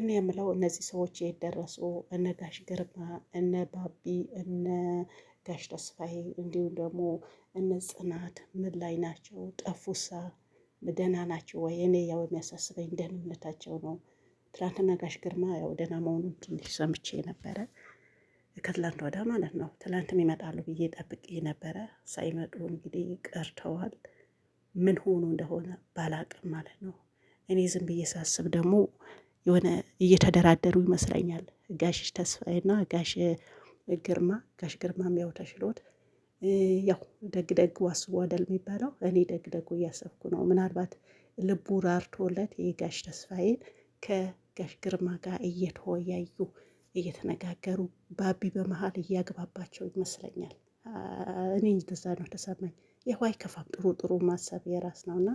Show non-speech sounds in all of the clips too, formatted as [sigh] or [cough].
እኔ የምለው እነዚህ ሰዎች የት ደረሱ? እነ ጋሽ ግርማ፣ እነ ባቢ፣ እነ ጋሽ ተስፋዬ እንዲሁም ደግሞ እነ ጽናት ምን ላይ ናቸው? ጠፉሳ ደህና ናቸው ወይ? እኔ ያው የሚያሳስበኝ ደህንነታቸው ነው። ትላንትና ጋሽ ግርማ ያው ደህና መሆኑን ትንሽ ሰምቼ ነበረ፣ ከትላንት ወዳ ማለት ነው። ትላንትም ይመጣሉ ብዬ ጠብቄ ነበረ። ሳይመጡ እንግዲህ ቀርተዋል። ምን ሆኑ እንደሆነ ባላቅም ማለት ነው። እኔ ዝም ብዬ ሳስብ ደግሞ የሆነ እየተደራደሩ ይመስለኛል ጋሽ ተስፋዬና ጋሽ ግርማ ጋሽ ግርማም ያው ተሽሎት ያው ደግ ደግ አስቦ አይደል የሚባለው። እኔ ደግ ደጉ እያሰብኩ ነው። ምናልባት ልቡ ራርቶለት የጋሽ ተስፋዬን ከጋሽ ግርማ ጋር እየተወያዩ እየተነጋገሩ ባቢ በመሀል እያግባባቸው ይመስለኛል። እኔ እንደዛ ነው ተሰማኝ። የዋይ ከፋም ጥሩ ጥሩ ማሰብ የራስ ነው እና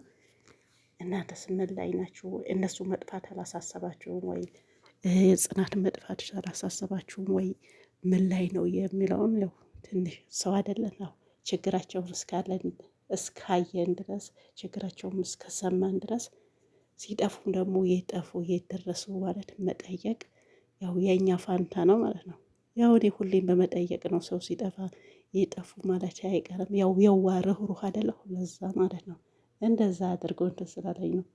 እናንተስ ምን ላይ ናችሁ? እነሱ መጥፋት አላሳሰባችሁም ወይ? ጽናት መጥፋት አላሳሰባችሁም ወይ? ምን ላይ ነው የሚለውን ያው ትንሽ ሰው አይደለን ነው ችግራቸውን እስካለን እስካየን ድረስ ችግራቸውን እስከሰማን ድረስ ሲጠፉም ደግሞ የጠፉ የደረሱ ማለት መጠየቅ ያው የእኛ ፋንታ ነው ማለት ነው። ያው እኔ ሁሌም በመጠየቅ ነው ሰው ሲጠፋ የጠፉ ማለት አይቀርም። ያው የዋ ርህሩህ አደለሁ ለዛ ማለት ነው። እንደዛ አድርገው እንትን ስላለኝ ነው።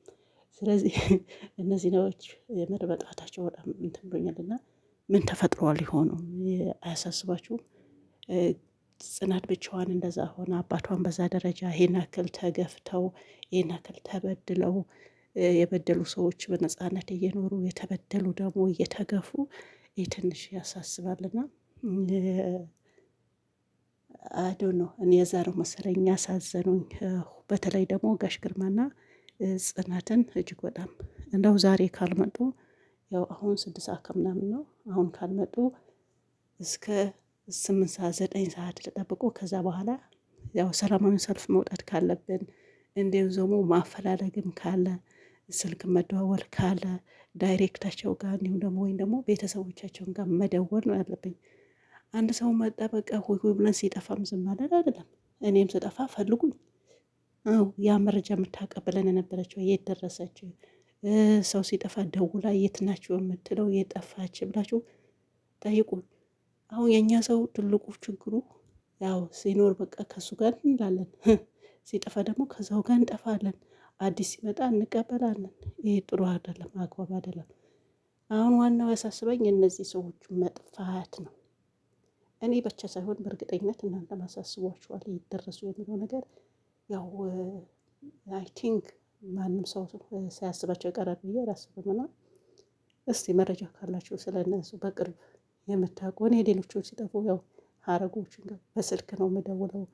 ስለዚህ [laughs] እነዚህ ነገሮች መመጣታቸው በጣም እንትን ብሎኛል እና ምን ተፈጥሯል ሊሆኑ አያሳስባችሁም? ጽናት ብቻዋን እንደዛ ሆነ አባቷን በዛ ደረጃ ይሄን ያክል ተገፍተው ይሄን ያክል ተበድለው የበደሉ ሰዎች በነፃነት እየኖሩ የተበደሉ ደግሞ እየተገፉ ይህ ትንሽ ያሳስባልና አዶ ነው እኔ የዛሬው መሰለኝ ያሳዘኑኝ። በተለይ ደግሞ ጋሽ ግርማና ጽናትን እጅግ በጣም እንደው ዛሬ ካልመጡ ያው አሁን ስድስት ሰዓት ከምናምን ነው። አሁን ካልመጡ እስከ ስምንት ሰዓት ዘጠኝ ሰዓት ተጠብቆ ከዛ በኋላ ያው ሰላማዊ ሰልፍ መውጣት ካለብን እንዲሁም ደግሞ ማፈላለግም ካለ ስልክ መደዋወል ካለ ዳይሬክታቸው ጋር እንዲሁም ደግሞ ወይም ደግሞ ቤተሰቦቻቸውን ጋር መደወል ነው ያለብኝ። አንድ ሰው መጣ በቃ ሆይ ሆይ ብለን ሲጠፋም ዝም ማለት አይደለም። እኔም ስጠፋ ፈልጉኝ። አዎ ያ መረጃ የምታቀብለን የነበረችው የት ሰው ሲጠፋ ደውላ የት ናቸው የምትለው የጠፋች ብላችሁ ጠይቁን። አሁን የእኛ ሰው ትልቁ ችግሩ ያው ሲኖር በቃ ከሱ ጋር እንላለን፣ [laughs] ሲጠፋ ደግሞ ከዛው ጋር እንጠፋለን። አዲስ ሲመጣ እንቀበላለን። ይህ ጥሩ አይደለም፣ አግባብ አይደለም። አሁን ዋናው ያሳስበኝ እነዚህ ሰዎች መጥፋት ነው። እኔ ብቻ ሳይሆን በእርግጠኝነት እናንተ ማሳስቧችኋል ይደረሱ የሚለው ነገር ያው አይ ቲንክ ማንም ሰው ሳያስባቸው ይቀራል ብዬ አላስብምና እስቲ መረጃ ካላችሁ ስለነሱ በቅርብ የምታውቁ እኔ ሌሎቹን ሲጠፉ ያው አረጎች በስልክ ነው የምደውለው።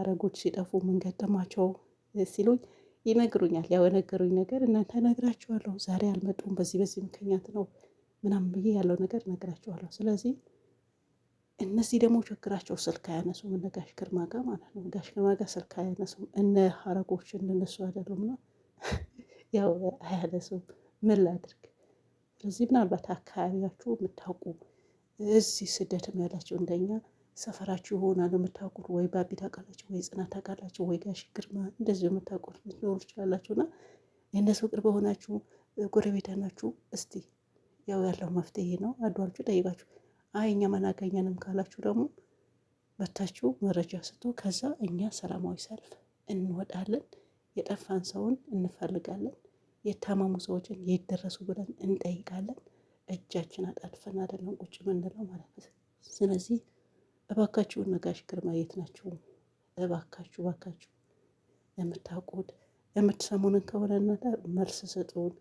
አረጎች ሲጠፉ ምን ገጠማቸው ሲሉኝ ይነግሩኛል። ያው የነገሩኝ ነገር እናንተ ነግራቸዋለሁ ዛሬ አልመጡም በዚህ በዚህ ምክንያት ነው ምናምን ብዬ ያለው ነገር እነግራችኋለሁ። ስለዚህ እነዚህ ደግሞ ችግራቸው ስልክ አያነሱም። እነ ጋሽ ግርማ ጋር ማለት ነው። ጋሽ ግርማ ጋር ስልክ አያነሱም። እነ ሀረጎች እንደነሱ አይደሉም ነው [laughs] ያው አያነሱም። ምን ላድርግ? ስለዚህ ምናልባት አካባቢያችሁ የምታውቁ እዚህ ስደትም ያላቸው እንደኛ ሰፈራችሁ ይሆናል የምታውቁት ወይ ባቢ ታውቃላችሁ፣ ወይ ጽናት ታውቃላችሁ፣ ወይ ጋሽ ግርማ እንደዚሁ የምታውቁት ልትኖሩ ትችላላችሁ። እና የእነሱ ቅርብ የሆናችሁ ጎረቤታ ናችሁ። እስቲ ያው ያለው መፍትሄ ነው አዷችሁ ጠይቃችሁ አይ እኛም ካላችሁ ደግሞ በታችሁ መረጃ ስጡ። ከዛ እኛ ሰላማዊ ሰልፍ እንወጣለን። የጠፋን ሰውን እንፈልጋለን። የታመሙ ሰዎችን የደረሱ ደረሱ ብለን እንጠይቃለን። እጃችን አጣድፈን አይደለም ቁጭ ምንለው ማለት ነው። ስለዚህ እባካችሁን ነጋሽ ግርማ የት ናችሁ? እባካችሁ እባካችሁ የምታውቁት የምትሰሙንን ከሆነ እናንተ መልስ ስጡን፣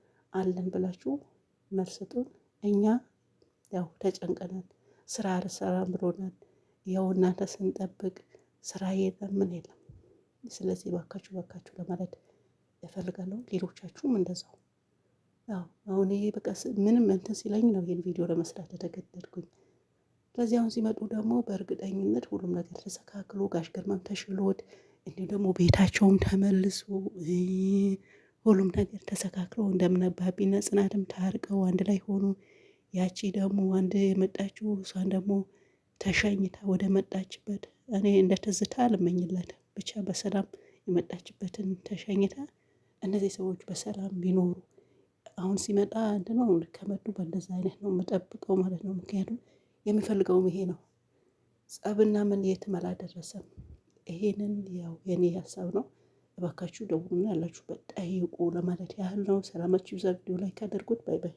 አለን ብላችሁ መልስ ስጡን። እኛ ያው ተጨንቀናል። ስራ አልሰራም ብሎናል። ያው እናንተ ስንጠብቅ ስራ የለም ምን የለም። ስለዚህ ባካችሁ ባካችሁ ለማለት እፈልጋለሁ። ሌሎቻችሁም እንደዛው ያው አሁን ይሄ በቃ ምንም እንትን ሲለኝ ነው ይህን ቪዲዮ ለመስራት የተገደድኩኝ። ስለዚህ አሁን ሲመጡ ደግሞ በእርግጠኝነት ሁሉም ነገር ተስተካክሎ ጋሽ ግርማም ተሽሎት እንዲሁም ደግሞ ቤታቸውም ተመልሶ ሁሉም ነገር ተስተካክሎ እንደምነባቢና ጽናትም ታርቀው አንድ ላይ ሆኑ ያቺ ደግሞ አንድ የመጣችው እሷን ደግሞ ተሸኝታ ወደ መጣችበት እኔ እንደ ትዝታ አልመኝለት ብቻ በሰላም የመጣችበትን ተሸኝታ እነዚህ ሰዎች በሰላም ቢኖሩ አሁን ሲመጣ እንትኑ ከመጡ በእንደዛ አይነት ነው የምጠብቀው ማለት ነው። ምክንያቱም የሚፈልገውም ይሄ ነው። ጸብና ምን የትም አላደረሰም። ይሄንን ያው የኔ ሀሳብ ነው። እባካችሁ ደውሉና ያላችሁበት ጠይቁ ለማለት ያህል ነው። ሰላማችሁ ይብዛ። ቪዲዮ ላይ ካደርጉት ባይ ባይ